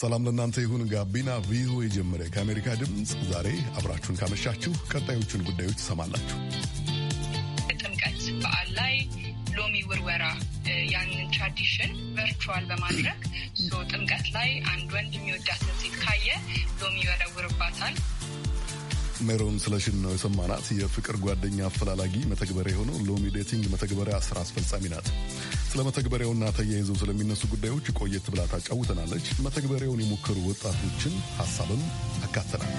ሰላም ለእናንተ ይሁን። ጋቢና ቪኦኤ ጀመረ። ከአሜሪካ ድምፅ ዛሬ አብራችሁን ካመሻችሁ ቀጣዮቹን ጉዳዮች ትሰማላችሁ። ጥምቀት በዓል ላይ ሎሚ ውርወራ ያንን ትራዲሽን ቨርቹዋል በማድረግ ጥምቀት ላይ አንድ ወንድ የሚወዳትን ሴት ካየ ሎሚ ይወረውርባታል። ሜሮን ስለሽን ነው የሰማናት። የፍቅር ጓደኛ አፈላላጊ መተግበሪያ የሆነው ሎሚ ዴቲንግ መተግበሪያ ስራ አስፈጻሚ ናት። ስለ መተግበሪያውና ተያይዘው ስለሚነሱ ጉዳዮች ቆየት ብላ ታጫውተናለች። መተግበሪያውን የሞከሩ ወጣቶችን ሀሳብም አካተናል።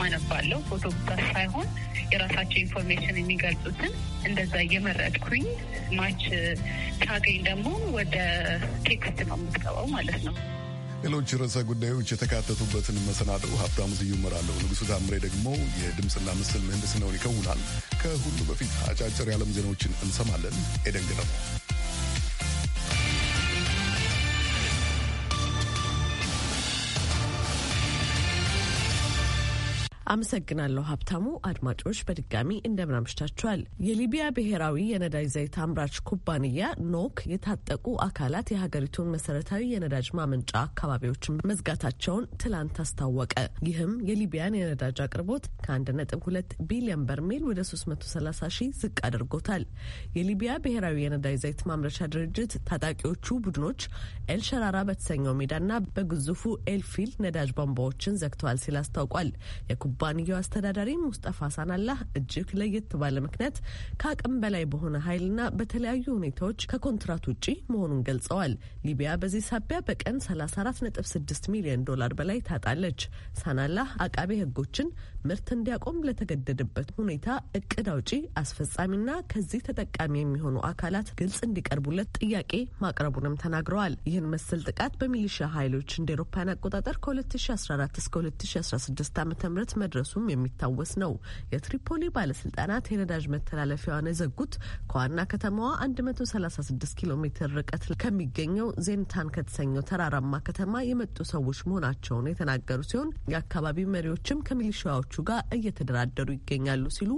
ማነባለው ፎቶ ብቻ ሳይሆን የራሳቸው ኢንፎርሜሽን የሚገልጹትን እንደዛ እየመረጥኩኝ ማች ታገኝ ደግሞ ወደ ቴክስት ነው የምትገባው ማለት ነው ሌሎች ርዕሰ ጉዳዮች የተካተቱበትን መሰናደው ሀብታሙ ስዩ እመራለሁ። ንጉሱ ታምሬ ደግሞ የድምፅና ምስል ምህንድስናውን ይከውናል። ከሁሉ በፊት አጫጭር የዓለም ዜናዎችን እንሰማለን። ኤደን ገረመው አመሰግናለሁ ሀብታሙ። አድማጮች በድጋሚ እንደምናምሽታችኋል። የሊቢያ ብሔራዊ የነዳጅ ዘይት አምራች ኩባንያ ኖክ የታጠቁ አካላት የሀገሪቱን መሰረታዊ የነዳጅ ማመንጫ አካባቢዎችን መዝጋታቸውን ትላንት አስታወቀ። ይህም የሊቢያን የነዳጅ አቅርቦት ከ1.2 ቢሊዮን በርሜል ወደ 330 ሺህ ዝቅ አድርጎታል። የሊቢያ ብሔራዊ የነዳጅ ዘይት ማምረቻ ድርጅት ታጣቂዎቹ ቡድኖች ኤልሸራራ በተሰኘው ሜዳና በግዙፉ ኤልፊል ነዳጅ ቧንቧዎችን ዘግተዋል ሲል አስታውቋል። የኩባንያው አስተዳዳሪ ሙስጠፋ ሳናላህ እጅግ ለየት ባለ ምክንያት ከአቅም በላይ በሆነ ኃይልና በተለያዩ ሁኔታዎች ከኮንትራት ውጪ መሆኑን ገልጸዋል። ሊቢያ በዚህ ሳቢያ በቀን 34.6 ሚሊዮን ዶላር በላይ ታጣለች። ሳናላህ አቃቤ ሕጎችን ምርት እንዲያቆም ለተገደደበት ሁኔታ እቅድ አውጪ አስፈጻሚና ከዚህ ተጠቃሚ የሚሆኑ አካላት ግልጽ እንዲቀርቡለት ጥያቄ ማቅረቡንም ተናግረዋል። ይህን መሰል ጥቃት በሚሊሻ ኃይሎች እንደ ኤሮፓያን አቆጣጠር ከ2014 እስከ 2016 ዓ ም መድረሱም የሚታወስ ነው። የትሪፖሊ ባለስልጣናት የነዳጅ መተላለፊያዋን የዘጉት ከዋና ከተማዋ 136 ኪሎ ሜትር ርቀት ከሚገኘው ዜንታን ከተሰኘው ተራራማ ከተማ የመጡ ሰዎች መሆናቸውን የተናገሩ ሲሆን የአካባቢ መሪዎችም ከሚሊሻዎቹ ጋር እየተደራደሩ ይገኛሉ ሲሉ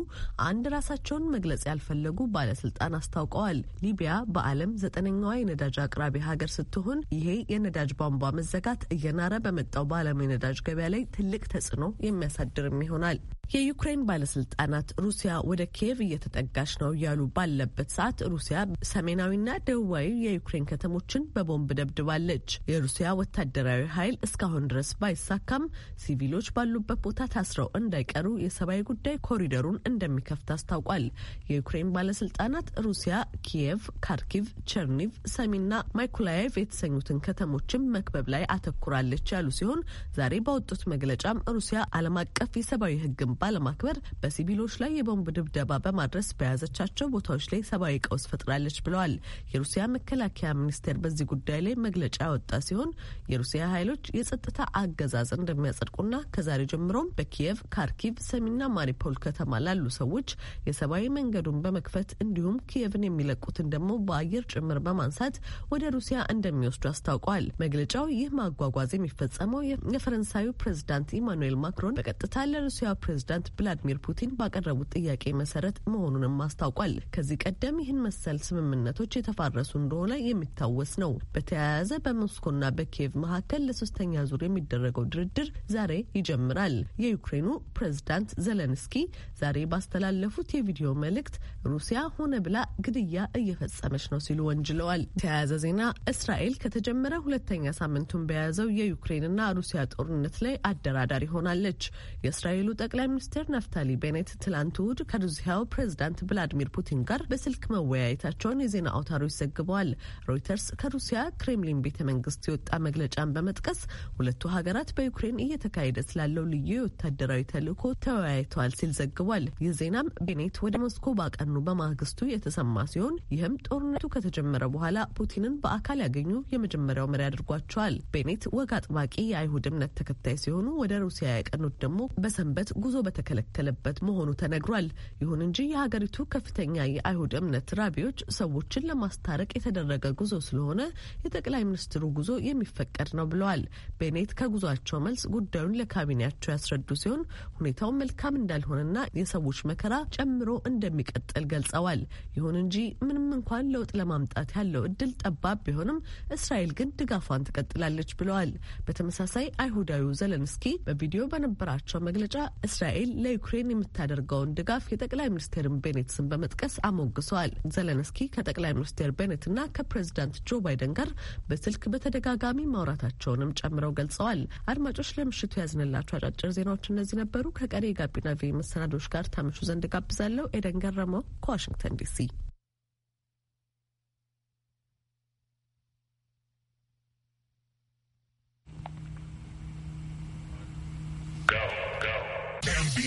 አንድ ራሳቸውን መግለጽ ያልፈለጉ ባለስልጣን አስታውቀዋል። ሊቢያ በዓለም ዘጠነኛዋ የነዳጅ አቅራቢ ሀገር ስትሆን ይሄ የነዳጅ ቧንቧ መዘጋት እየናረ በመጣው በዓለም የነዳጅ ገበያ ላይ ትልቅ ተጽዕኖ የሚያሳድ ድርድርም ይሆናል። የዩክሬን ባለስልጣናት ሩሲያ ወደ ኪየቭ እየተጠጋች ነው እያሉ ባለበት ሰዓት ሩሲያ ሰሜናዊና ደቡባዊ የዩክሬን ከተሞችን በቦምብ ደብድባለች። የሩሲያ ወታደራዊ ኃይል እስካሁን ድረስ ባይሳካም ሲቪሎች ባሉበት ቦታ ታስረው እንዳይቀሩ የሰብአዊ ጉዳይ ኮሪደሩን እንደሚከፍት አስታውቋል። የዩክሬን ባለስልጣናት ሩሲያ ኪየቭ፣ ካርኪቭ፣ ቸርኒቭ፣ ሰሚና ማይኮላየቭ የተሰኙትን ከተሞችን መክበብ ላይ አተኩራለች ያሉ ሲሆን ዛሬ ባወጡት መግለጫም ሩሲያ ዓለም አቀፍ አቀፍ ሰብአዊ ሕግን ባለማክበር በሲቪሎች ላይ የቦምብ ድብደባ በማድረስ በያዘቻቸው ቦታዎች ላይ ሰብአዊ ቀውስ ፈጥራለች ብለዋል። የሩሲያ መከላከያ ሚኒስቴር በዚህ ጉዳይ ላይ መግለጫ ያወጣ ሲሆን የሩሲያ ኃይሎች የጸጥታ አገዛዝ እንደሚያጸድቁና ከዛሬ ጀምሮም በኪየቭ፣ ካርኪቭ፣ ሰሚና ማሪፖል ከተማ ላሉ ሰዎች የሰብአዊ መንገዱን በመክፈት እንዲሁም ኪየቭን የሚለቁትን ደግሞ በአየር ጭምር በማንሳት ወደ ሩሲያ እንደሚወስዱ አስታውቋል። መግለጫው ይህ ማጓጓዝ የሚፈጸመው የፈረንሳዩ ፕሬዚዳንት ኢማኑኤል ማክሮን በቀጥታ ካለ ለሩሲያ ፕሬዝዳንት ቭላዲሚር ፑቲን ባቀረቡት ጥያቄ መሰረት መሆኑንም አስታውቋል። ከዚህ ቀደም ይህን መሰል ስምምነቶች የተፋረሱ እንደሆነ የሚታወስ ነው። በተያያዘ በሞስኮና በኪየቭ መካከል ለሶስተኛ ዙር የሚደረገው ድርድር ዛሬ ይጀምራል። የዩክሬኑ ፕሬዝዳንት ዘለንስኪ ዛሬ ባስተላለፉት የቪዲዮ መልእክት ሩሲያ ሆነ ብላ ግድያ እየፈጸመች ነው ሲሉ ወንጅለዋል። የተያያዘ ዜና እስራኤል ከተጀመረ ሁለተኛ ሳምንቱን በያዘው የዩክሬንና ሩሲያ ጦርነት ላይ አደራዳሪ ሆናለች። የእስራኤሉ ጠቅላይ ሚኒስትር ናፍታሊ ቤኔት ትላንት እሁድ ከሩሲያው ፕሬዚዳንት ቭላዲሚር ፑቲን ጋር በስልክ መወያየታቸውን የዜና አውታሮች ዘግበዋል። ሮይተርስ ከሩሲያ ክሬምሊን ቤተ መንግስት የወጣ መግለጫን በመጥቀስ ሁለቱ ሀገራት በዩክሬን እየተካሄደ ስላለው ልዩ የወታደራዊ ተልዕኮ ተወያይተዋል ሲል ዘግቧል። ይህ ዜናም ቤኔት ወደ ሞስኮ ባቀኑ በማግስቱ የተሰማ ሲሆን ይህም ጦርነቱ ከተጀመረ በኋላ ፑቲንን በአካል ያገኙ የመጀመሪያው መሪ አድርጓቸዋል። ቤኔት ወግ አጥባቂ የአይሁድ እምነት ተከታይ ሲሆኑ ወደ ሩሲያ ያቀኑት ደግሞ በሰንበት ጉዞ በተከለከለበት መሆኑ ተነግሯል። ይሁን እንጂ የሀገሪቱ ከፍተኛ የአይሁድ እምነት ራቢዎች ሰዎችን ለማስታረቅ የተደረገ ጉዞ ስለሆነ የጠቅላይ ሚኒስትሩ ጉዞ የሚፈቀድ ነው ብለዋል። ቤኔት ከጉዟቸው መልስ ጉዳዩን ለካቢኔያቸው ያስረዱ ሲሆን ሁኔታው መልካም እንዳልሆነና የሰዎች መከራ ጨምሮ እንደሚቀጥል ገልጸዋል። ይሁን እንጂ ምንም እንኳን ለውጥ ለማምጣት ያለው እድል ጠባብ ቢሆንም እስራኤል ግን ድጋፏን ትቀጥላለች ብለዋል። በተመሳሳይ አይሁዳዊው ዘለንስኪ በቪዲዮ በነበራቸው ባወጣቸው መግለጫ እስራኤል ለዩክሬን የምታደርገውን ድጋፍ የጠቅላይ ሚኒስትር ቤኔትስን በመጥቀስ አሞግሰዋል። ዘለንስኪ ከጠቅላይ ሚኒስትር ቤኔትና ከፕሬዚዳንት ጆ ባይደን ጋር በስልክ በተደጋጋሚ ማውራታቸውንም ጨምረው ገልጸዋል። አድማጮች ለምሽቱ ያዝንላቸው አጫጭር ዜናዎች እነዚህ ነበሩ። ከቀሪ የጋቢና ቪ መሰናዶች ጋር ታመሹ ዘንድ ጋብዛለሁ። ኤደን ገረመው ከዋሽንግተን ዲሲ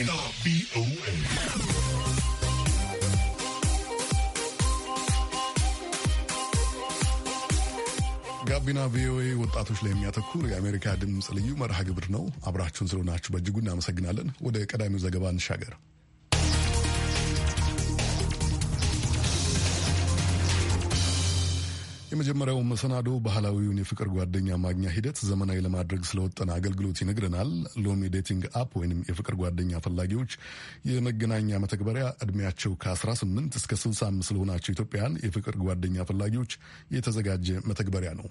ጋቢና ቪኦኤ ጋቢና ቪኦኤ ወጣቶች ላይ የሚያተኩር የአሜሪካ ድምፅ ልዩ መርሃ ግብር ነው። አብራችሁን ስለሆናችሁ በእጅጉ እናመሰግናለን። ወደ ቀዳሚው ዘገባ እንሻገር። የመጀመሪያው መሰናዶ ባህላዊውን የፍቅር ጓደኛ ማግኛ ሂደት ዘመናዊ ለማድረግ ስለወጠነ አገልግሎት ይነግረናል። ሎሚ ዴቲንግ አፕ ወይም የፍቅር ጓደኛ ፈላጊዎች የመገናኛ መተግበሪያ እድሜያቸው ከ18 እስከ 65 ስለሆናቸው ኢትዮጵያውያን የፍቅር ጓደኛ ፈላጊዎች የተዘጋጀ መተግበሪያ ነው።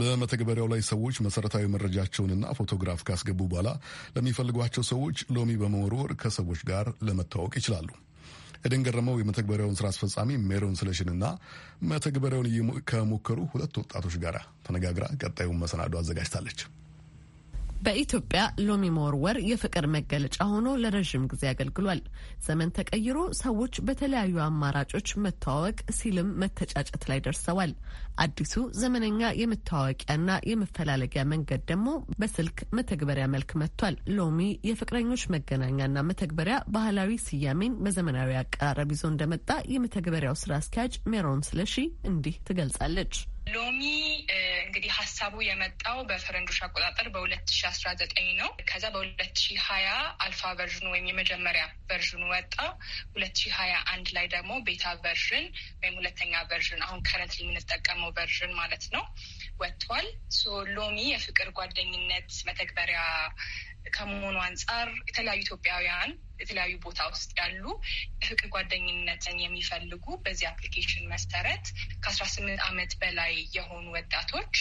በመተግበሪያው ላይ ሰዎች መሰረታዊ መረጃቸውንና ፎቶግራፍ ካስገቡ በኋላ ለሚፈልጓቸው ሰዎች ሎሚ በመወርወር ከሰዎች ጋር ለመተዋወቅ ይችላሉ። ኤደን ገረመው የመተግበሪያውን ስራ አስፈጻሚ ሜሮን ስለሽንና መተግበሪያውን ከሞከሩ ሁለት ወጣቶች ጋር ተነጋግራ ቀጣዩን መሰናዶ አዘጋጅታለች። በኢትዮጵያ ሎሚ መወርወር የፍቅር መገለጫ ሆኖ ለረዥም ጊዜ አገልግሏል። ዘመን ተቀይሮ ሰዎች በተለያዩ አማራጮች መተዋወቅ ሲልም መተጫጨት ላይ ደርሰዋል። አዲሱ ዘመነኛ የመተዋወቂያና የመፈላለጊያ መንገድ ደግሞ በስልክ መተግበሪያ መልክ መጥቷል። ሎሚ የፍቅረኞች መገናኛና መተግበሪያ ባህላዊ ስያሜን በዘመናዊ አቀራረብ ይዞ እንደመጣ የመተግበሪያው ስራ አስኪያጅ ሜሮን ስለሺ እንዲህ ትገልጻለች። ሎሚ እንግዲህ ሀሳቡ የመጣው በፈረንጆች አቆጣጠር በሁለት ሺ አስራ ዘጠኝ ነው። ከዛ በሁለት ሺ ሀያ አልፋ ቨርዥኑ ወይም የመጀመሪያ ቨርዥኑ ወጣ። ሁለት ሺ ሀያ አንድ ላይ ደግሞ ቤታ ቨርዥን ወይም ሁለተኛ ቨርዥን አሁን ከረንትሊ የምንጠቀመው ቨርዥን ማለት ነው ወጥቷል። ሶ ሎሚ የፍቅር ጓደኝነት መተግበሪያ ከመሆኑ አንጻር የተለያዩ ኢትዮጵያውያን የተለያዩ ቦታ ውስጥ ያሉ ፍቅር ጓደኝነትን የሚፈልጉ በዚህ አፕሊኬሽን መሰረት ከአስራ ስምንት ዓመት በላይ የሆኑ ወጣቶች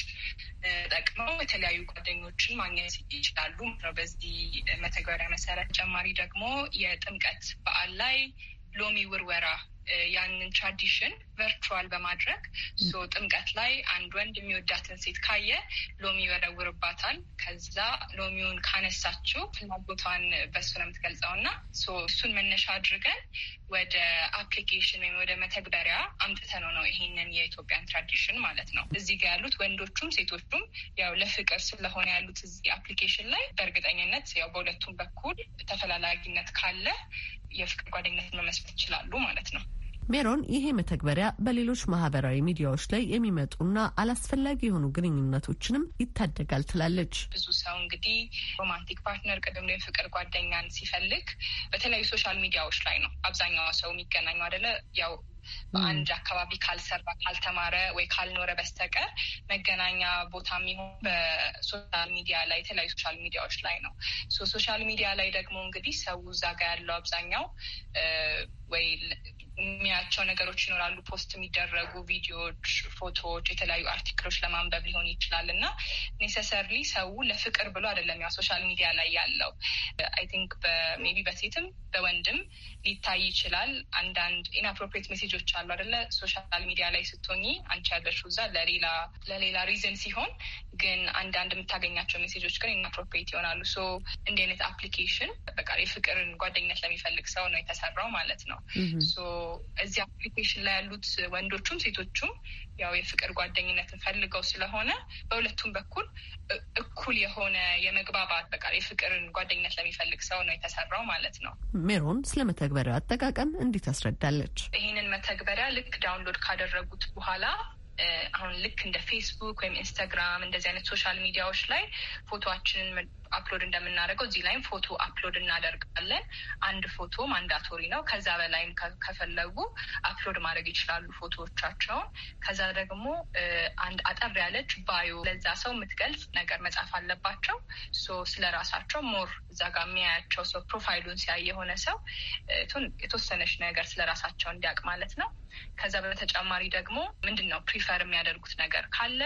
ጠቅመው የተለያዩ ጓደኞችን ማግኘት ይችላሉ። በዚህ መተግበሪያ መሰረት ተጨማሪ ደግሞ የጥምቀት በዓል ላይ ሎሚ ውርወራ ያንን ትራዲሽን ቨርቹዋል በማድረግ ሶ ጥምቀት ላይ አንድ ወንድ የሚወዳትን ሴት ካየ ሎሚ ይወረውርባታል። ከዛ ሎሚውን ካነሳችው ፍላጎቷን በሱ ነው የምትገልጸው እና እሱን መነሻ አድርገን ወደ አፕሊኬሽን ወይም ወደ መተግበሪያ አምጥተ ነው ነው ይሄንን የኢትዮጵያን ትራዲሽን ማለት ነው። እዚህ ጋር ያሉት ወንዶቹም ሴቶቹም ያው ለፍቅር ስለሆነ ያሉት እዚህ አፕሊኬሽን ላይ በእርግጠኝነት ያው በሁለቱም በኩል ተፈላላጊነት ካለ የፍቅር ጓደኝነትን መመስረት ይችላሉ ማለት ነው። ሜሮን ይሄ መተግበሪያ በሌሎች ማህበራዊ ሚዲያዎች ላይ የሚመጡና አላስፈላጊ የሆኑ ግንኙነቶችንም ይታደጋል ትላለች። ብዙ ሰው እንግዲህ ሮማንቲክ ፓርትነር ቅድም ላይ ፍቅር ጓደኛን ሲፈልግ በተለያዩ ሶሻል ሚዲያዎች ላይ ነው አብዛኛው ሰው የሚገናኙ አደለ ያው በአንድ አካባቢ ካልሰራ ካልተማረ ወይ ካልኖረ በስተቀር መገናኛ ቦታ የሚሆን በሶሻል ሚዲያ ላይ የተለያዩ ሶሻል ሚዲያዎች ላይ ነው። ሶሻል ሚዲያ ላይ ደግሞ እንግዲህ ሰው እዛ ጋ ያለው አብዛኛው ወይ የሚያቸው ነገሮች ይኖራሉ። ፖስት የሚደረጉ ቪዲዮዎች፣ ፎቶዎች፣ የተለያዩ አርቲክሎች ለማንበብ ሊሆን ይችላል እና ኔሰሰርሊ ሰው ለፍቅር ብሎ አይደለም ያው ሶሻል ሚዲያ ላይ ያለው አይ ቲንክ ቢ በሴትም በወንድም ሊታይ ይችላል። አንዳንድ ኢንአፕሮፕሬት ሜሴጆች አሉ አይደለ? ሶሻል ሚዲያ ላይ ስትሆኚ አንቺ ያለሽው እዛ ለሌላ ለሌላ ሪዝን ሲሆን ግን አንዳንድ የምታገኛቸው ሜሴጆች ግን ኢንአፕሮፕሬት ይሆናሉ። ሶ እንዲህ አይነት አፕሊኬሽን በቃ የፍቅርን ጓደኝነት ለሚፈልግ ሰው ነው የተሰራው ማለት ነው ሶ እዚህ አፕሊኬሽን ላይ ያሉት ወንዶቹም ሴቶቹም ያው የፍቅር ጓደኝነትን ፈልገው ስለሆነ በሁለቱም በኩል እኩል የሆነ የመግባባት በቃ የፍቅርን ጓደኝነት ለሚፈልግ ሰው ነው የተሰራው ማለት ነው። ሜሮን ስለ መተግበሪያ አጠቃቀም እንዲህ ታስረዳለች። ይህንን መተግበሪያ ልክ ዳውንሎድ ካደረጉት በኋላ አሁን ልክ እንደ ፌስቡክ ወይም ኢንስታግራም እንደዚህ አይነት ሶሻል ሚዲያዎች ላይ ፎቶችንን አፕሎድ እንደምናደርገው እዚህ ላይም ፎቶ አፕሎድ እናደርጋለን። አንድ ፎቶ ማንዳቶሪ ነው። ከዛ በላይም ከፈለጉ አፕሎድ ማድረግ ይችላሉ ፎቶዎቻቸውን። ከዛ ደግሞ አንድ አጠር ያለች ባዮ ለዛ ሰው የምትገልጽ ነገር መጻፍ አለባቸው። ስለ ራሳቸው ሞር እዛ ጋር የሚያያቸው ሰው ፕሮፋይሉን ሲያይ የሆነ ሰው የተወሰነች ነገር ስለ ራሳቸው እንዲያውቅ ማለት ነው። ከዛ በተጨማሪ ደግሞ ምንድን ነው ፕሪፈር የሚያደርጉት ነገር ካለ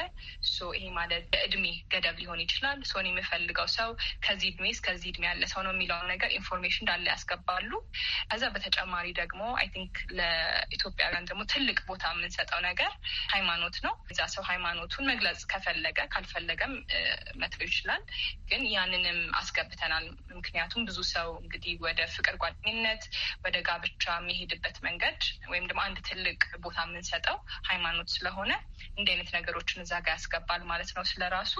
ይሄ ማለት የእድሜ ገደብ ሊሆን ይችላል። ሶን የምፈልገው ሰው ከዚህ እድሜ እስከዚህ እድሜ ያለ ሰው ነው የሚለውን ነገር ኢንፎርሜሽን እንዳለ ያስገባሉ። ከዛ በተጨማሪ ደግሞ አይ ቲንክ ለኢትዮጵያውያን ደግሞ ትልቅ ቦታ የምንሰጠው ነገር ሃይማኖት ነው። እዛ ሰው ሃይማኖቱን መግለጽ ከፈለገ ካልፈለገም መተው ይችላል። ግን ያንንም አስገብተናል። ምክንያቱም ብዙ ሰው እንግዲህ ወደ ፍቅር ጓደኝነት፣ ወደ ጋብቻ የሚሄድበት መንገድ ወይም ደግሞ አንድ ትልቅ ቦታ የምንሰጠው ሃይማኖት ስለሆነ እንዲህ አይነት ነገሮችን እዛ ጋር ያስገባል ማለት ነው። ስለራሱ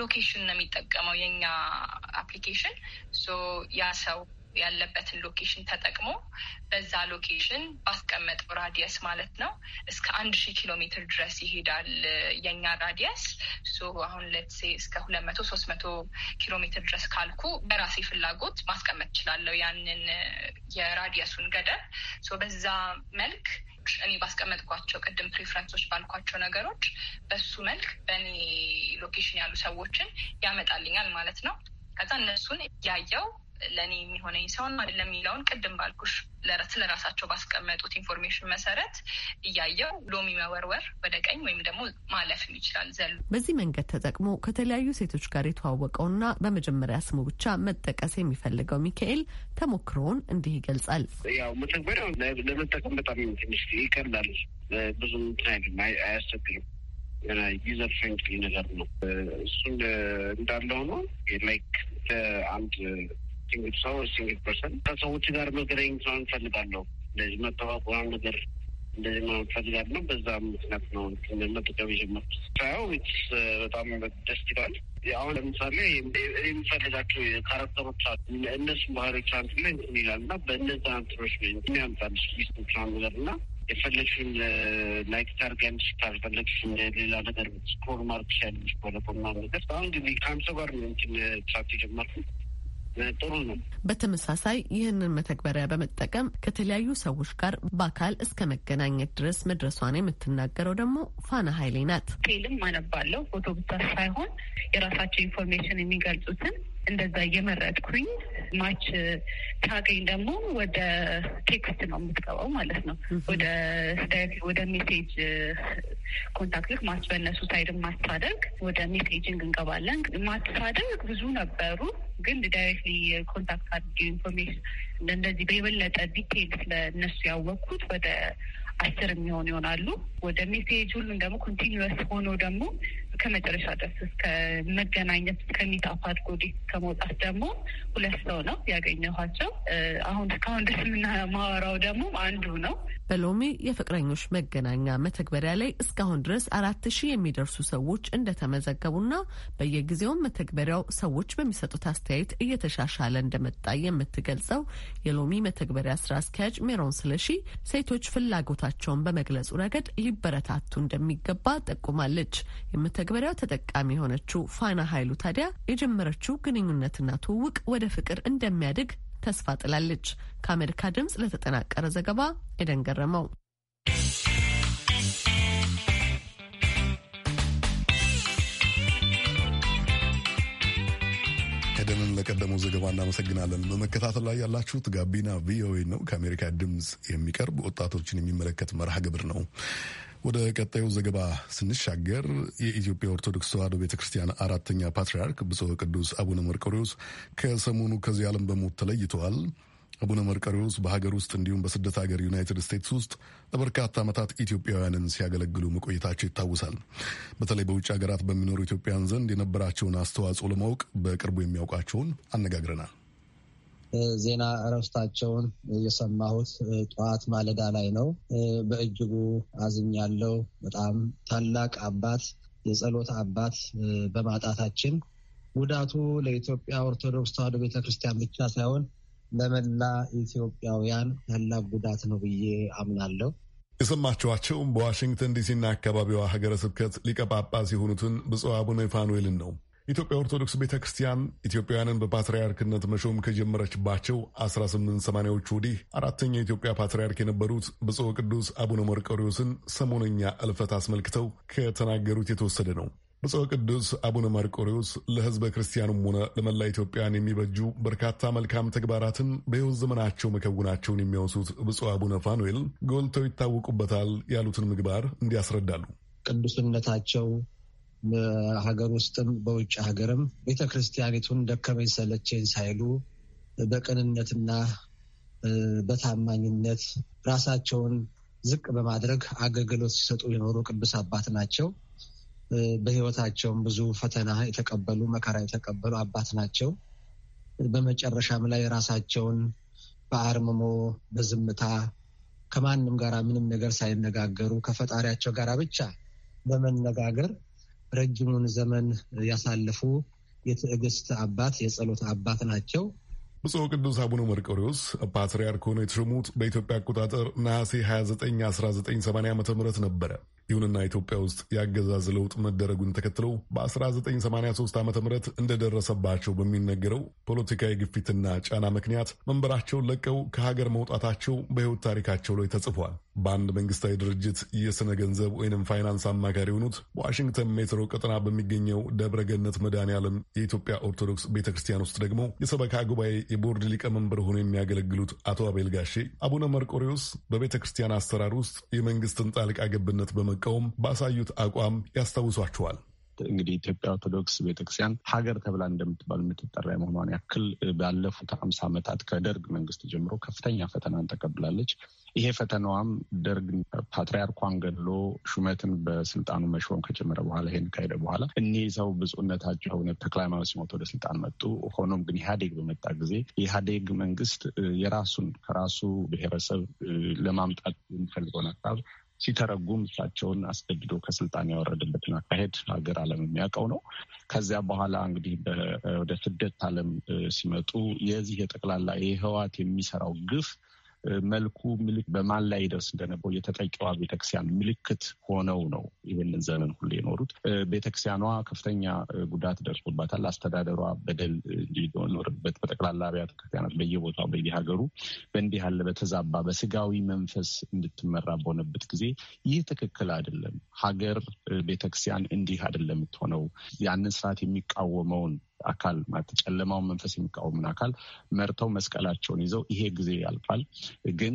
ሎኬሽን ነው የሚጠቀመው የኛ Uh, application. So, yeah, so ያለበትን ሎኬሽን ተጠቅሞ በዛ ሎኬሽን ባስቀመጠው ራዲየስ ማለት ነው እስከ አንድ ሺህ ኪሎ ሜትር ድረስ ይሄዳል የኛ ራዲየስ። አሁን ለትሴ እስከ ሁለት መቶ ሶስት መቶ ኪሎ ሜትር ድረስ ካልኩ በራሴ ፍላጎት ማስቀመጥ እችላለሁ ያንን የራዲየሱን ገደብ በዛ መልክ እኔ ባስቀመጥኳቸው ቅድም ፕሪፍረንሶች ባልኳቸው ነገሮች በሱ መልክ በእኔ ሎኬሽን ያሉ ሰዎችን ያመጣልኛል ማለት ነው። ከዛ እነሱን ያየው ለእኔ የሚሆነኝ ሰውን አይደለም የሚለውን ቅድም ባልኩሽ ስለራሳቸው ባስቀመጡት ኢንፎርሜሽን መሰረት እያየው ሎሚ መወርወር ወደ ቀኝ ወይም ደግሞ ማለፍም ይችላል ዘሉ። በዚህ መንገድ ተጠቅሞ ከተለያዩ ሴቶች ጋር የተዋወቀውና በመጀመሪያ ስሙ ብቻ መጠቀስ የሚፈልገው ሚካኤል ተሞክሮውን እንዲህ ይገልጻል። ያው መተግበሪያው ለመጠቀም በጣም ትንሽ ይቀላል፣ ብዙ ታይም አያስቸግርም። ዩዘር ፍሬንድሊ ነገር ነው። እሱን እንዳለ ሆኖ ላይክ ለአንድ ሲንግል ሰው ሲንግል ፐርሰን ከሰዎች ጋር መገናኘት ነው እንፈልጋለሁ። እንደዚህ መተዋወቅ ምናምን ነገር እንደዚህ ምናምን እንፈልጋለሁ። በዛ ምክንያት ነው መጠቀም የጀመርኩት። ሳየው uh, በጣም ደስ ይላል። አሁን ለምሳሌ የሚፈልጋቸው ካራክተሮች አሉ። እነሱም ባህሪዎች አንድ ላይ እንትን ይላል እና በእነዛ አንትኖች የሚያምጣል ሊስቶች ነገር እና የፈለግሽን ላይክ uh, ታርጋንሽ ካልፈለግሽ ሌላ ነገር ስኮር ማርክ ያለች ነገር አሁን እንግዲህ ከአንተ ጋር ነው እንትን ቻት uh, የጀመርኩት ጥሩ ነው። በተመሳሳይ ይህንን መተግበሪያ በመጠቀም ከተለያዩ ሰዎች ጋር በአካል እስከ መገናኘት ድረስ መድረሷን የምትናገረው ደግሞ ፋና ኃይሌ ናት። ፊልም አነባለሁ። ፎቶ ብቻ ሳይሆን የራሳቸው ኢንፎርሜሽን የሚገልጹትን እንደዛ እየመረጥኩኝ ማች ታገኝ ደግሞ ወደ ቴክስት ነው የምትገባው ማለት ነው። ወደ ወደ ሜሴጅ ኮንታክት ልክ ማች በእነሱ ሳይድ ማታደርግ ወደ ሜሴጅንግ እንገባለን። ማታደርግ ብዙ ነበሩ፣ ግን ዳይሬክትሊ ኮንታክት አድርጌ ኢንፎርሜሽን እንደዚህ በበለጠ ዲቴል ስለእነሱ ያወቅኩት ወደ አስር የሚሆን ይሆናሉ። ወደ ሜሴጅ ሁሉም ደግሞ ኮንቲኒስ ሆኖ ደግሞ ከመጨረሻ ድረስ እስከ መገናኘት ከሚጣፋት ጎዴ ከመውጣት ደግሞ ሁለት ሰው ነው ያገኘኋቸው። አሁን እስካሁን ደስ የምናማወራው ደግሞ አንዱ ነው። በሎሚ የፍቅረኞች መገናኛ መተግበሪያ ላይ እስካሁን ድረስ አራት ሺህ የሚደርሱ ሰዎች እንደተመዘገቡና በየጊዜውም መተግበሪያው ሰዎች በሚሰጡት አስተያየት እየተሻሻለ እንደመጣ የምትገልጸው የሎሚ መተግበሪያ ስራ አስኪያጅ ሜሮን ስለሺ ሴቶች ፍላጎታቸውን በመግለጹ ረገድ ሊበረታቱ እንደሚገባ ጠቁማለች። መተግበሪያው ተጠቃሚ የሆነችው ፋና ኃይሉ ታዲያ የጀመረችው ግንኙነትና ትውውቅ ወደ ፍቅር እንደሚያድግ ተስፋ ጥላለች። ከአሜሪካ ድምፅ ለተጠናቀረ ዘገባ ኤደን ገረመው። ኤደንን ለቀደመው ዘገባ እናመሰግናለን። በመከታተል ላይ ያላችሁት ጋቢና ቪኦኤ ነው። ከአሜሪካ ድምፅ የሚቀርብ ወጣቶችን የሚመለከት መርሃ ግብር ነው። ወደ ቀጣዩ ዘገባ ስንሻገር የኢትዮጵያ ኦርቶዶክስ ተዋሕዶ ቤተ ክርስቲያን አራተኛ ፓትርያርክ ብፁዕ ቅዱስ አቡነ መርቆሬዎስ ከሰሞኑ ከዚህ ዓለም በሞት ተለይተዋል። አቡነ መርቆሬዎስ በሀገር ውስጥ እንዲሁም በስደት ሀገር ዩናይትድ ስቴትስ ውስጥ ለበርካታ ዓመታት ኢትዮጵያውያንን ሲያገለግሉ መቆየታቸው ይታወሳል። በተለይ በውጭ ሀገራት በሚኖሩ ኢትዮጵያውያን ዘንድ የነበራቸውን አስተዋጽኦ ለማወቅ በቅርቡ የሚያውቃቸውን አነጋግረናል። ዜና እረፍታቸውን የሰማሁት ጠዋት ማለዳ ላይ ነው። በእጅጉ አዝኛለሁ። በጣም ታላቅ አባት፣ የጸሎት አባት በማጣታችን ጉዳቱ ለኢትዮጵያ ኦርቶዶክስ ተዋሕዶ ቤተክርስቲያን ብቻ ሳይሆን ለመላ ኢትዮጵያውያን ታላቅ ጉዳት ነው ብዬ አምናለሁ። የሰማችኋቸውም በዋሽንግተን ዲሲና አካባቢዋ ሀገረ ስብከት ሊቀ ጳጳስ የሆኑትን ብፁዕ አቡነ ፋኑኤልን ነው። ኢትዮጵያ ኦርቶዶክስ ቤተ ክርስቲያን ኢትዮጵያውያንን በፓትርያርክነት መሾም ከጀመረችባቸው 1880ዎች ወዲህ አራተኛ የኢትዮጵያ ፓትርያርክ የነበሩት ብፁዕ ቅዱስ አቡነ መርቆሪዎስን ሰሞነኛ እልፈት አስመልክተው ከተናገሩት የተወሰደ ነው። ብፁዕ ቅዱስ አቡነ መርቆሪዎስ ለሕዝበ ክርስቲያኑም ሆነ ለመላ ኢትዮጵያን የሚበጁ በርካታ መልካም ተግባራትን በሕይወት ዘመናቸው መከውናቸውን የሚያወሱት ብፁዕ አቡነ ፋኑኤል ጎልተው ይታወቁበታል ያሉትን ምግባር እንዲያስረዳሉ ቅዱስነታቸው በሀገር ውስጥም በውጭ ሀገርም ቤተክርስቲያኒቱን ደከመኝ ሰለቸኝ ሳይሉ በቅንነትና በታማኝነት ራሳቸውን ዝቅ በማድረግ አገልግሎት ሲሰጡ የኖሩ ቅዱስ አባት ናቸው። በሕይወታቸውም ብዙ ፈተና የተቀበሉ መከራ የተቀበሉ አባት ናቸው። በመጨረሻም ላይ ራሳቸውን በአርምሞ በዝምታ ከማንም ጋር ምንም ነገር ሳይነጋገሩ ከፈጣሪያቸው ጋር ብቻ በመነጋገር ረጅሙን ዘመን ያሳለፉ የትዕግስት አባት የጸሎት አባት ናቸው። ብፁዕ ቅዱስ አቡነ መርቆሪዎስ ፓትርያርክ ሆነው የተሾሙት በኢትዮጵያ አቆጣጠር ነሐሴ 29 1980 ዓ ም ነበረ። ይሁንና ኢትዮጵያ ውስጥ የአገዛዝ ለውጥ መደረጉን ተከትለው በ1983 ዓ ም እንደደረሰባቸው በሚነገረው ፖለቲካዊ ግፊትና ጫና ምክንያት መንበራቸውን ለቀው ከሀገር መውጣታቸው በሕይወት ታሪካቸው ላይ ተጽፏል። በአንድ መንግስታዊ ድርጅት የሥነ ገንዘብ ወይንም ፋይናንስ አማካሪ የሆኑት በዋሽንግተን ሜትሮ ቀጠና በሚገኘው ደብረ ገነት መድኃኔ ዓለም የኢትዮጵያ ኦርቶዶክስ ቤተ ክርስቲያን ውስጥ ደግሞ የሰበካ ጉባኤ የቦርድ ሊቀመንበር ሆኖ የሚያገለግሉት አቶ አቤል ጋሼ አቡነ መርቆሪዎስ በቤተ ክርስቲያን አሰራር ውስጥ የመንግስትን ጣልቃ ገብነት በመ በመቃወም ባሳዩት አቋም ያስታውሷቸዋል። እንግዲህ ኢትዮጵያ ኦርቶዶክስ ቤተክርስቲያን ሀገር ተብላ እንደምትባል የምትጠራ መሆኗን ያክል ባለፉት አምሳ ዓመታት ከደርግ መንግስት ጀምሮ ከፍተኛ ፈተናን ተቀብላለች። ይሄ ፈተናዋም ደርግ ፓትሪያርኳን ገድሎ ሹመትን በስልጣኑ መሾም ከጀመረ በኋላ ይሄን ካሄደ በኋላ እኒህ ሰው ብፁዕነታቸው የሆነ ተክለ ሃይማኖት ሲሞት ወደ ስልጣን መጡ። ሆኖም ግን ኢህአዴግ በመጣ ጊዜ የኢህአዴግ መንግስት የራሱን ከራሱ ብሔረሰብ ለማምጣት የሚፈልገውን ሀሳብ ሲተረጉም እሳቸውን አስገድዶ ከስልጣን ያወረደበትን አካሄድ ሀገር ዓለም የሚያውቀው ነው። ከዚያ በኋላ እንግዲህ ወደ ስደት ዓለም ሲመጡ የዚህ የጠቅላላ የህወሓት የሚሰራው ግፍ መልኩ ምልክ በማን ላይ ይደርስ እንደነበሩ የተጠቂዋ ቤተክርስቲያን ምልክት ሆነው ነው ይህንን ዘመን ሁሉ የኖሩት። ቤተክርስቲያኗ ከፍተኛ ጉዳት ደርሶባታል። አስተዳደሯ በደል እንዲኖርበት በጠቅላላ አብያተ ክርስቲያናት በየቦታው በየሀገሩ በእንዲህ ያለ በተዛባ በስጋዊ መንፈስ እንድትመራ በሆነበት ጊዜ ይህ ትክክል አይደለም። ሀገር ቤተክርስቲያን እንዲህ አይደለም የምትሆነው ያንን ስርዓት የሚቃወመውን አካል ማለት ጨለማውን መንፈስ የሚቃወምን አካል መርተው መስቀላቸውን ይዘው ይሄ ጊዜ ያልፋል፣ ግን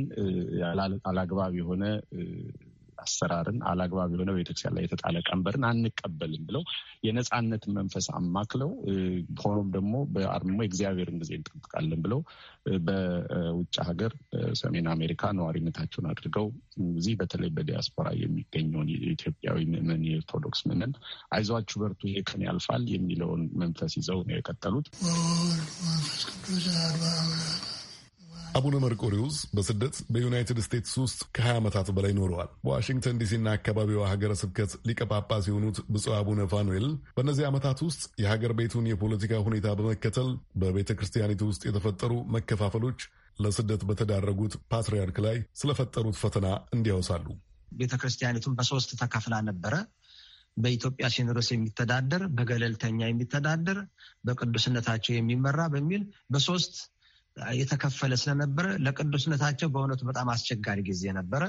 አላግባብ የሆነ አሰራርን፣ አላግባብ የሆነ ቤተክርስቲያን ላይ የተጣለ ቀንበርን አንቀበልም ብለው የነፃነትን መንፈስ አማክለው ሆኖም ደግሞ በአርምሞ እግዚአብሔርን ጊዜ እንጠብቃለን ብለው በውጭ ሀገር ሰሜን አሜሪካ ነዋሪነታቸውን አድርገው እዚህ በተለይ በዲያስፖራ የሚገኘውን የኢትዮጵያዊ ምዕመን የኦርቶዶክስ ምዕመን አይዟችሁ በርቱ፣ ይሄ ቀን ያልፋል የሚለውን መንፈስ ይዘው ነው የቀጠሉት። አቡነ መርቆሪዎስ በስደት በዩናይትድ ስቴትስ ውስጥ ከ20 ዓመታት በላይ ኖረዋል። በዋሽንግተን ዲሲና አካባቢዋ ሀገረ ስብከት ሊቀ ጳጳስ የሆኑት ብፁዕ አቡነ ፋኑኤል በእነዚህ ዓመታት ውስጥ የሀገር ቤቱን የፖለቲካ ሁኔታ በመከተል በቤተ ክርስቲያኒቱ ውስጥ የተፈጠሩ መከፋፈሎች ለስደት በተዳረጉት ፓትርያርክ ላይ ስለፈጠሩት ፈተና እንዲያወሳሉ። ቤተ ክርስቲያኒቱን በሶስት ተከፍላ ነበረ። በኢትዮጵያ ሲኖዶስ የሚተዳደር፣ በገለልተኛ የሚተዳደር፣ በቅዱስነታቸው የሚመራ በሚል በሶስት የተከፈለ ስለነበረ ለቅዱስነታቸው በእውነቱ በጣም አስቸጋሪ ጊዜ ነበረ።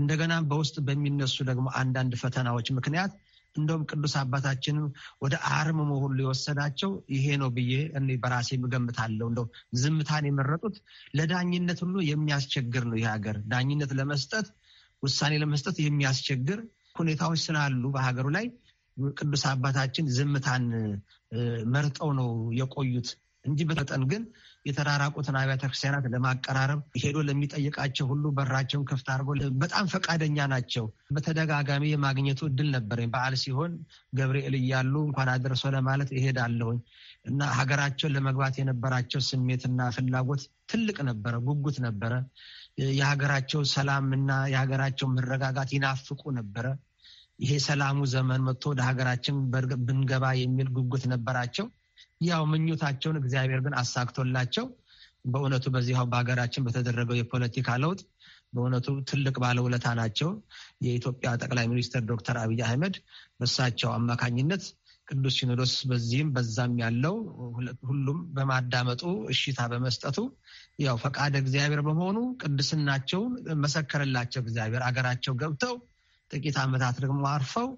እንደገና በውስጥ በሚነሱ ደግሞ አንዳንድ ፈተናዎች ምክንያት እንደውም ቅዱስ አባታችንም ወደ አርም ሁሉ የወሰዳቸው ይሄ ነው ብዬ እኔ በራሴ እገምታለሁ። እንደው ዝምታን የመረጡት ለዳኝነት ሁሉ የሚያስቸግር ነው። ይህ ሀገር ዳኝነት ለመስጠት ውሳኔ ለመስጠት የሚያስቸግር ሁኔታዎች ስላሉ በሀገሩ ላይ ቅዱስ አባታችን ዝምታን መርጠው ነው የቆዩት እንጂ በተጠን ግን የተራራቁትን አብያተ ክርስቲያናት ለማቀራረብ ሄዶ ለሚጠይቃቸው ሁሉ በራቸውን ክፍት አድርጎ በጣም ፈቃደኛ ናቸው። በተደጋጋሚ የማግኘቱ እድል ነበረኝ። በዓል ሲሆን ገብርኤል እያሉ እንኳን አደረሶ ለማለት እሄዳለሁኝ እና ሀገራቸውን ለመግባት የነበራቸው ስሜትና ፍላጎት ትልቅ ነበረ፣ ጉጉት ነበረ። የሀገራቸው ሰላም እና የሀገራቸው መረጋጋት ይናፍቁ ነበረ። ይሄ ሰላሙ ዘመን መጥቶ ወደ ሀገራችን ብንገባ የሚል ጉጉት ነበራቸው። ያው ምኞታቸውን እግዚአብሔር ግን አሳክቶላቸው በእውነቱ በዚያው በሀገራችን በተደረገው የፖለቲካ ለውጥ በእውነቱ ትልቅ ባለውለታ ናቸው። የኢትዮጵያ ጠቅላይ ሚኒስትር ዶክተር አብይ አህመድ በእሳቸው አማካኝነት ቅዱስ ሲኖዶስ በዚህም በዛም ያለው ሁሉም በማዳመጡ እሽታ በመስጠቱ ያው ፈቃደ እግዚአብሔር በመሆኑ ቅድስናቸውን መሰከረላቸው እግዚአብሔር። አገራቸው ገብተው ጥቂት ዓመታት ደግሞ አርፈው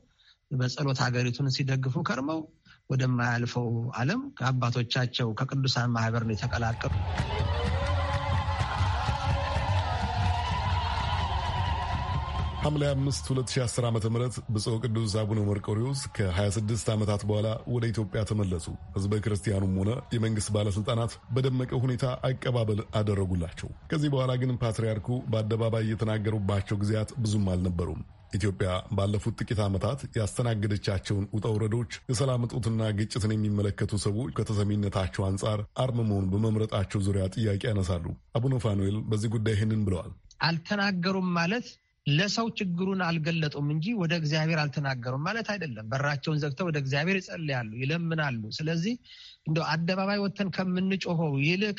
በጸሎት ሀገሪቱን ሲደግፉ ከርመው ወደማያልፈው ዓለም ከአባቶቻቸው ከቅዱሳን ማህበር ነው የተቀላቀሉ። ሐምሌ 5 2010 ዓ ም ብፁዕ ቅዱስ አቡነ መርቆሪዎስ ከ26 ዓመታት በኋላ ወደ ኢትዮጵያ ተመለሱ። ሕዝበ ክርስቲያኑም ሆነ የመንግሥት ባለሥልጣናት በደመቀ ሁኔታ አቀባበል አደረጉላቸው። ከዚህ በኋላ ግን ፓትርያርኩ በአደባባይ የተናገሩባቸው ጊዜያት ብዙም አልነበሩም። ኢትዮጵያ ባለፉት ጥቂት ዓመታት ያስተናገደቻቸውን ውጣ ውረዶች፣ የሰላም እጦትና ግጭትን የሚመለከቱ ሰዎች ከተሰሚነታቸው አንጻር አርምመውን በመምረጣቸው ዙሪያ ጥያቄ ያነሳሉ። አቡነ ፋኑኤል በዚህ ጉዳይ ይህንን ብለዋል። አልተናገሩም ማለት ለሰው ችግሩን አልገለጡም እንጂ ወደ እግዚአብሔር አልተናገሩም ማለት አይደለም። በራቸውን ዘግተው ወደ እግዚአብሔር ይጸልያሉ፣ ይለምናሉ። ስለዚህ እንደ አደባባይ ወጥተን ከምንጮኸው ይልቅ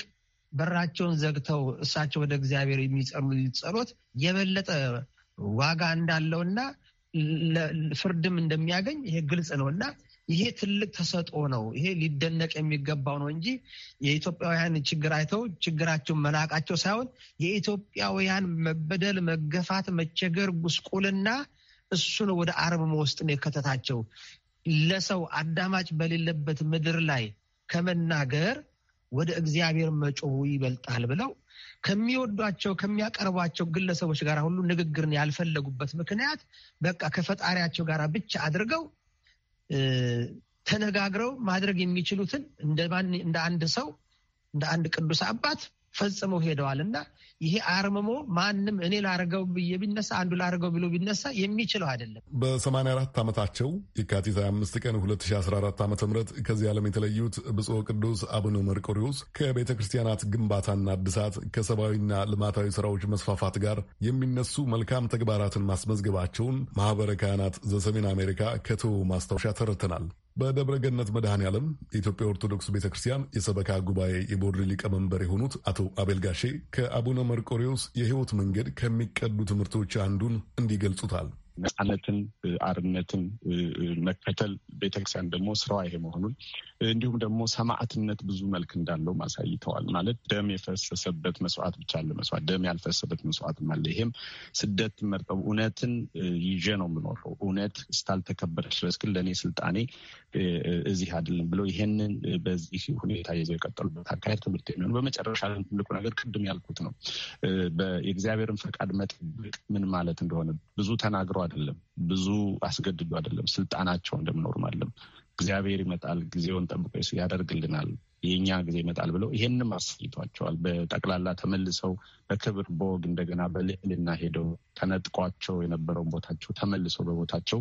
በራቸውን ዘግተው እሳቸው ወደ እግዚአብሔር የሚጸሉ ጸሎት የበለጠ ዋጋ እንዳለውና ፍርድም እንደሚያገኝ ይሄ ግልጽ ነው እና ይሄ ትልቅ ተሰጥኦ ነው። ይሄ ሊደነቅ የሚገባው ነው እንጂ የኢትዮጵያውያን ችግር አይተው ችግራቸውን መላቃቸው ሳይሆን የኢትዮጵያውያን መበደል፣ መገፋት፣ መቸገር፣ ጉስቁልና እሱን ወደ አረም ውስጥ ነው የከተታቸው። ለሰው አዳማጭ በሌለበት ምድር ላይ ከመናገር ወደ እግዚአብሔር መጮ ይበልጣል ብለው ከሚወዷቸው ከሚያቀርቧቸው ግለሰቦች ጋር ሁሉ ንግግርን ያልፈለጉበት ምክንያት በቃ ከፈጣሪያቸው ጋር ብቻ አድርገው ተነጋግረው ማድረግ የሚችሉትን እንደ አንድ ሰው እንደ አንድ ቅዱስ አባት ፈጽመው ሄደዋል እና ይሄ አርምሞ ማንም እኔ ላረገው ብዬ ቢነሳ አንዱ ላረገው ብሎ ቢነሳ የሚችለው አይደለም። በ84 ዓመታቸው የካቲት 25 ቀን 2014 ዓ ም ከዚህ ዓለም የተለዩት ብፁዕ ቅዱስ አቡነ መርቆሪዎስ ከቤተ ክርስቲያናት ግንባታና እድሳት ከሰብአዊና ልማታዊ ስራዎች መስፋፋት ጋር የሚነሱ መልካም ተግባራትን ማስመዝገባቸውን ማህበረ ካህናት ዘሰሜን አሜሪካ ከቶ ማስታወሻ ተረድተናል። በደብረገነት መድሃን መድኃኔ ዓለም የኢትዮጵያ ኦርቶዶክስ ቤተ ክርስቲያን የሰበካ ጉባኤ የቦርድ ሊቀመንበር የሆኑት አቶ አቤል ጋሼ ከአቡነ መርቆሬዎስ የሕይወት መንገድ ከሚቀዱ ትምህርቶች አንዱን እንዲገልጹታል። ነፃነትን፣ አርነትን መከተል ቤተክርስቲያን ደግሞ ስራዋ ይሄ መሆኑን እንዲሁም ደግሞ ሰማዕትነት ብዙ መልክ እንዳለው ማሳይተዋል። ማለት ደም የፈሰሰበት መስዋዕት ብቻ አለ መስዋዕት ደም ያልፈሰበት መስዋዕት አለ። ይሄም ስደት መርጠው እውነትን ይዤ ነው የምኖረው እውነት እስካልተከበረች ድረስ ግን ለእኔ ስልጣኔ እዚህ አይደለም ብለው ይሄንን በዚህ ሁኔታ ይዘው የቀጠሉበት አካሄድ ትምህርት የሚሆኑ በመጨረሻ ትልቁ ነገር ቅድም ያልኩት ነው። የእግዚአብሔርን ፈቃድ መጠበቅ ምን ማለት እንደሆነ ብዙ ተናግረዋል። አይደለም፣ ብዙ አስገድዶ አይደለም፣ ስልጣናቸው እንደምኖርም አይደለም። እግዚአብሔር ይመጣል፣ ጊዜውን ጠብቆ ያደርግልናል። የእኛ ጊዜ ይመጣል ብለው ይሄንም አሳይቷቸዋል። በጠቅላላ ተመልሰው በክብር በወግ እንደገና በልዕልና ሄደው ተነጥቋቸው የነበረውን ቦታቸው ተመልሰው በቦታቸው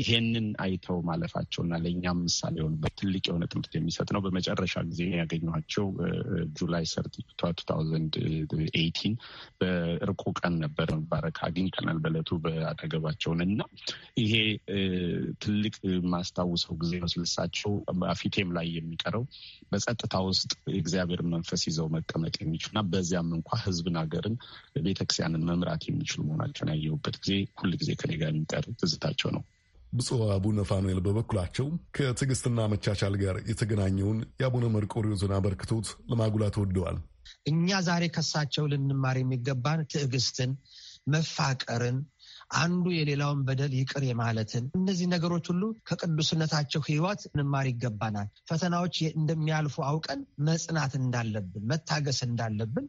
ይሄንን አይተው ማለፋቸው እና ለእኛም ምሳሌ የሆኑበት ትልቅ የሆነ ትምህርት የሚሰጥ ነው። በመጨረሻ ጊዜ ያገኘኋቸው ጁላይ ሰርቲ ቱ ታውዘንድ ኤይቲን በእርቁ ቀን ነበር። መባረክ አግኝተናል በዕለቱ በአጠገባቸውን እና ይሄ ትልቅ ማስታውሰው ጊዜ መስልሳቸው ፊቴም ላይ የሚቀረው በጸጥታ ውስጥ የእግዚአብሔር መንፈስ ይዘው መቀመጥ የሚችሉ እና በዚያም እንኳ ህዝብን፣ ሀገርን፣ ቤተክርስቲያንን መምራት የሚችሉ መሆናቸውን ያየሁበት ጊዜ ሁል ጊዜ ከኔ ጋር የሚቀር ትዝታቸው ነው። ብፁዕ አቡነ ፋኑኤል በበኩላቸው ከትዕግስትና መቻቻል ጋር የተገናኘውን የአቡነ መርቆሪዎስን አበርክቶት ለማጉላት ወደዋል። እኛ ዛሬ ከሳቸው ልንማር የሚገባን ትዕግስትን፣ መፋቀርን አንዱ የሌላውን በደል ይቅር የማለትን እነዚህ ነገሮች ሁሉ ከቅዱስነታቸው ሕይወት እንማር ይገባናል። ፈተናዎች እንደሚያልፉ አውቀን መጽናት እንዳለብን፣ መታገስ እንዳለብን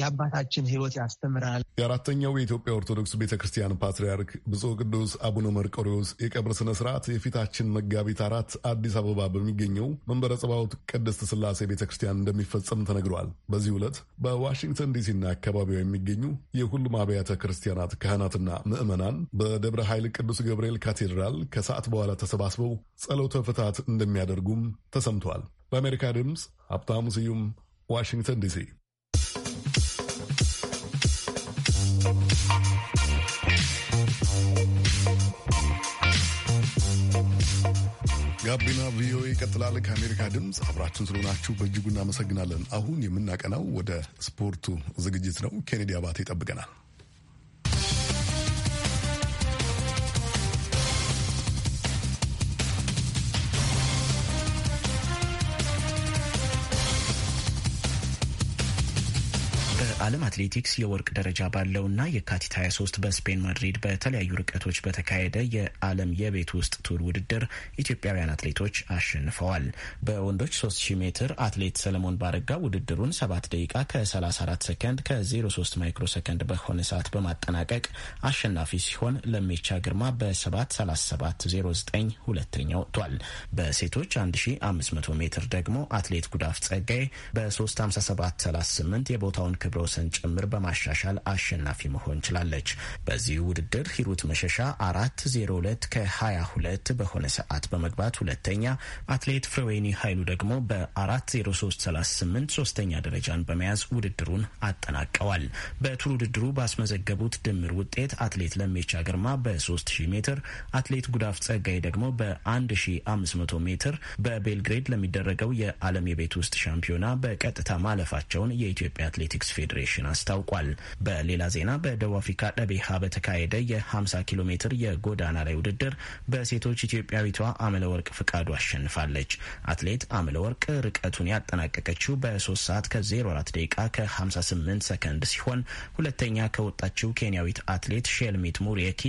የአባታችን ሕይወት ያስተምራል። የአራተኛው የኢትዮጵያ ኦርቶዶክስ ቤተ ክርስቲያን ፓትርያርክ ብፁዕ ቅዱስ አቡነ መርቆሪዎስ የቀብር ስነ ስርዓት የፊታችን መጋቢት አራት አዲስ አበባ በሚገኘው መንበረ ጸባዖት ቅድስት ስላሴ ቤተ ክርስቲያን እንደሚፈጸም ተነግሯል። በዚህ ዕለት በዋሽንግተን ዲሲና አካባቢዋ የሚገኙ የሁሉም አብያተ ክርስቲያናት ካህናትና ምዕመናን በደብረ ኃይል ቅዱስ ገብርኤል ካቴድራል ከሰዓት በኋላ ተሰባስበው ጸሎተ ፍትሐት እንደሚያደርጉም ተሰምተዋል። በአሜሪካ ድምፅ ሀብታሙ ስዩም ዋሽንግተን ዲሲ ጋቢና ቪኦኤ ይቀጥላል። ከአሜሪካ ድምፅ አብራችን ስለሆናችሁ በእጅጉ እናመሰግናለን። አሁን የምናቀናው ወደ ስፖርቱ ዝግጅት ነው። ኬኔዲ አባቴ ይጠብቀናል። በዓለም አትሌቲክስ የወርቅ ደረጃ ባለውና የካቲት 23 በስፔን ማድሪድ በተለያዩ ርቀቶች በተካሄደ የዓለም የቤት ውስጥ ቱር ውድድር ኢትዮጵያውያን አትሌቶች አሸንፈዋል። በወንዶች 3000 ሜትር አትሌት ሰለሞን ባረጋ ውድድሩን 7 ደቂቃ ከ34 ሰከንድ ከ03 ማይክሮ ሰከንድ በሆነ ሰዓት በማጠናቀቅ አሸናፊ ሲሆን ለሜቻ ግርማ በ73709 ሁለተኛ ወጥቷል። በሴቶች 1500 ሜትር ደግሞ አትሌት ጉዳፍ ጸጋይ በ35738 የቦታውን ክብረ ራስን ጭምር በማሻሻል አሸናፊ መሆን ችላለች። በዚህ ውድድር ሂሩት መሸሻ አራት ዜሮ ሁለት ከሀያ ሁለት በሆነ ሰዓት በመግባት ሁለተኛ፣ አትሌት ፍሬዌኒ ኃይሉ ደግሞ በአራት ዜሮ ሶስት ሰላሳ ስምንት ሶስተኛ ደረጃን በመያዝ ውድድሩን አጠናቀዋል። በቱር ውድድሩ ባስመዘገቡት ድምር ውጤት አትሌት ለሜቻ ግርማ በ3000 ሜትር፣ አትሌት ጉዳፍ ጸጋይ ደግሞ በ1500 ሜትር በቤልግሬድ ለሚደረገው የዓለም የቤት ውስጥ ሻምፒዮና በቀጥታ ማለፋቸውን የኢትዮጵያ አትሌቲክስ ፌዴሬሽን ኮርፖሬሽን አስታውቋል። በሌላ ዜና በደቡብ አፍሪካ ጠቤሃ በተካሄደ የ50 ኪሎ ሜትር የጎዳና ላይ ውድድር በሴቶች ኢትዮጵያዊቷ አምለ ወርቅ ፍቃዱ አሸንፋለች። አትሌት አምለ ወርቅ ርቀቱን ያጠናቀቀችው በ3 ሰዓት ከ04 ደቂቃ ከ58 ሰከንድ ሲሆን ሁለተኛ ከወጣችው ኬንያዊት አትሌት ሼልሚት ሙሪየኪ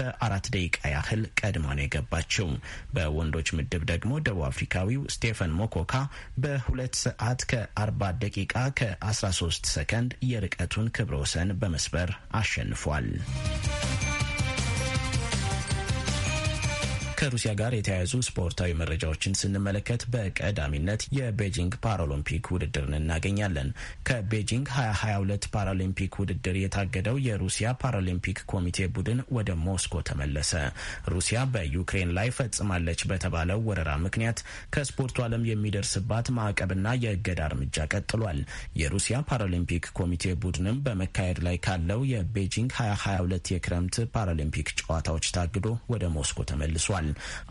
በ4 ደቂቃ ያህል ቀድማ ነው የገባችው። በወንዶች ምድብ ደግሞ ደቡብ አፍሪካዊው ስቴፈን ሞኮካ በ2 ሰዓት ከ40 ደቂቃ ከ13 ሰከንድ የርቀቱን ክብረ ወሰን በመስበር አሸንፏል። ከሩሲያ ጋር የተያያዙ ስፖርታዊ መረጃዎችን ስንመለከት በቀዳሚነት የቤጂንግ ፓራሊምፒክ ውድድርን እናገኛለን። ከቤጂንግ 2022 ፓራሊምፒክ ውድድር የታገደው የሩሲያ ፓራሊምፒክ ኮሚቴ ቡድን ወደ ሞስኮ ተመለሰ። ሩሲያ በዩክሬን ላይ ፈጽማለች በተባለው ወረራ ምክንያት ከስፖርቱ ዓለም የሚደርስባት ማዕቀብና የእገዳ እርምጃ ቀጥሏል። የሩሲያ ፓራሊምፒክ ኮሚቴ ቡድንም በመካሄድ ላይ ካለው የቤጂንግ 2022 የክረምት ፓራሊምፒክ ጨዋታዎች ታግዶ ወደ ሞስኮ ተመልሷል።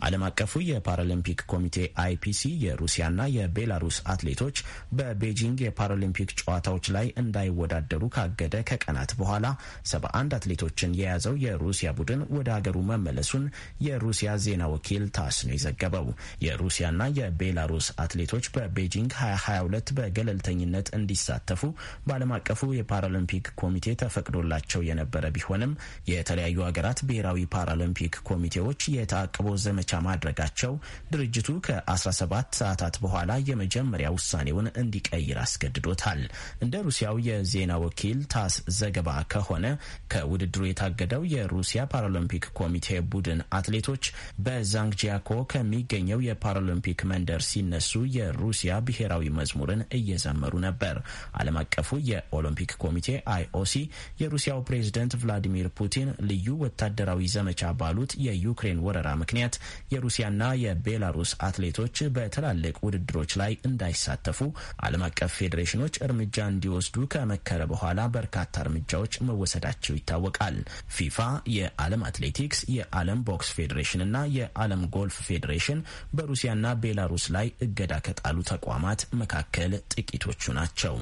ዓለም አቀፉ የፓራሊምፒክ ኮሚቴ አይፒሲ የሩሲያና የቤላሩስ አትሌቶች በቤጂንግ የፓራሊምፒክ ጨዋታዎች ላይ እንዳይወዳደሩ ካገደ ከቀናት በኋላ 71 አትሌቶችን የያዘው የሩሲያ ቡድን ወደ ሀገሩ መመለሱን የሩሲያ ዜና ወኪል ታስ ነው የዘገበው። የሩሲያና የቤላሩስ አትሌቶች በቤጂንግ 2022 በገለልተኝነት እንዲሳተፉ በዓለም አቀፉ የፓራሊምፒክ ኮሚቴ ተፈቅዶላቸው የነበረ ቢሆንም የተለያዩ ሀገራት ብሔራዊ ፓራሊምፒክ ኮሚቴዎች የታቅቦ ዘመቻ ማድረጋቸው ድርጅቱ ከ17 ሰዓታት በኋላ የመጀመሪያ ውሳኔውን እንዲቀይር አስገድዶታል። እንደ ሩሲያው የዜና ወኪል ታስ ዘገባ ከሆነ ከውድድሩ የታገደው የሩሲያ ፓራሎምፒክ ኮሚቴ ቡድን አትሌቶች በዛንግጂያኮ ከሚገኘው የፓራሎምፒክ መንደር ሲነሱ የሩሲያ ብሔራዊ መዝሙርን እየዘመሩ ነበር። ዓለም አቀፉ የኦሎምፒክ ኮሚቴ አይኦሲ የሩሲያው ፕሬዝደንት ቭላዲሚር ፑቲን ልዩ ወታደራዊ ዘመቻ ባሉት የዩክሬን ወረራ ምክንያት ምክንያት የሩሲያና የቤላሩስ አትሌቶች በትላልቅ ውድድሮች ላይ እንዳይሳተፉ ዓለም አቀፍ ፌዴሬሽኖች እርምጃ እንዲወስዱ ከመከረ በኋላ በርካታ እርምጃዎች መወሰዳቸው ይታወቃል። ፊፋ፣ የዓለም አትሌቲክስ፣ የዓለም ቦክስ ፌዴሬሽን እና የዓለም ጎልፍ ፌዴሬሽን በሩሲያና ቤላሩስ ላይ እገዳ ከጣሉ ተቋማት መካከል ጥቂቶቹ ናቸው።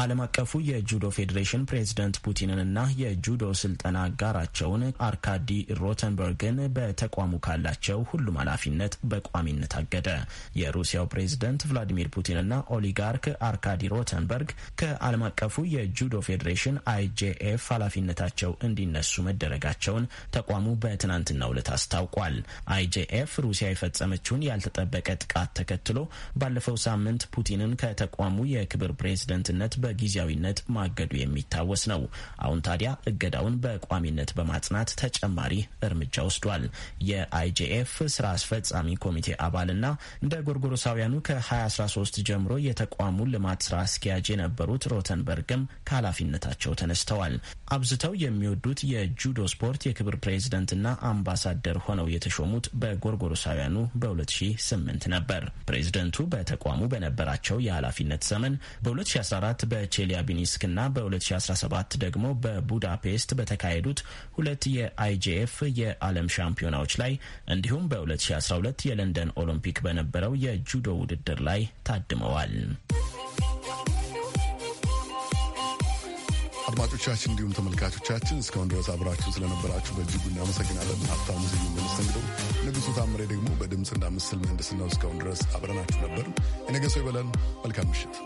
ዓለም አቀፉ የጁዶ ፌዴሬሽን ፑቲንን ፑቲንንና የጁዶ ስልጠና አጋራቸውን አርካዲ ሮተንበርግን በተቋሙ ካላቸው ሁሉም ኃላፊነት በቋሚነት አገደ። የሩሲያው ፕሬዝደንት ቭላዲሚር ፑቲንና ኦሊጋርክ አርካዲ ሮተንበርግ ከዓለም አቀፉ የጁዶ ፌዴሬሽን አይጄኤፍ ኃላፊነታቸው እንዲነሱ መደረጋቸውን ተቋሙ በትናንትናው ዕለት አስታውቋል። አይጄኤፍ ሩሲያ የፈጸመችውን ያልተጠበቀ ጥቃት ተከትሎ ባለፈው ሳምንት ፑቲንን ከተቋሙ የክብር ፕሬዝደንትነት በጊዜያዊነት ማገዱ የሚታወስ ነው። አሁን ታዲያ እገዳውን በቋሚነት በማጽናት ተጨማሪ እርምጃ ወስዷል። የአይጄኤፍ ስራ አስፈጻሚ ኮሚቴ አባልና እንደ ጎርጎሮሳውያኑ ከ2013 ጀምሮ የተቋሙ ልማት ስራ አስኪያጅ የነበሩት ሮተንበርግም ከኃላፊነታቸው ተነስተዋል። አብዝተው የሚወዱት የጁዶ ስፖርት የክብር ፕሬዝደንትና አምባሳደር ሆነው የተሾሙት በጎርጎሮሳውያኑ በ2008 ነበር። ፕሬዝደንቱ በተቋሙ በነበራቸው የኃላፊነት ዘመን በ2014 ና በ2017 ደግሞ በቡዳፔስት በተካሄዱት ሁለት የአይጂኤፍ የዓለም ሻምፒዮናዎች ላይ እንዲሁም በ2012 የለንደን ኦሎምፒክ በነበረው የጁዶ ውድድር ላይ ታድመዋል። አድማጮቻችን እንዲሁም ተመልካቾቻችን እስካሁን ድረስ አብራችሁ ስለነበራችሁ በእጅጉ እናመሰግናለን። ሀብታሙ ስዩ በመስተንግደው፣ ንጉሱ ታምሬ ደግሞ በድምፅና ምስል ምህንድስና እስካሁን ድረስ አብረናችሁ ነበር። የነገ ሰው ይበለን። መልካም ምሽት።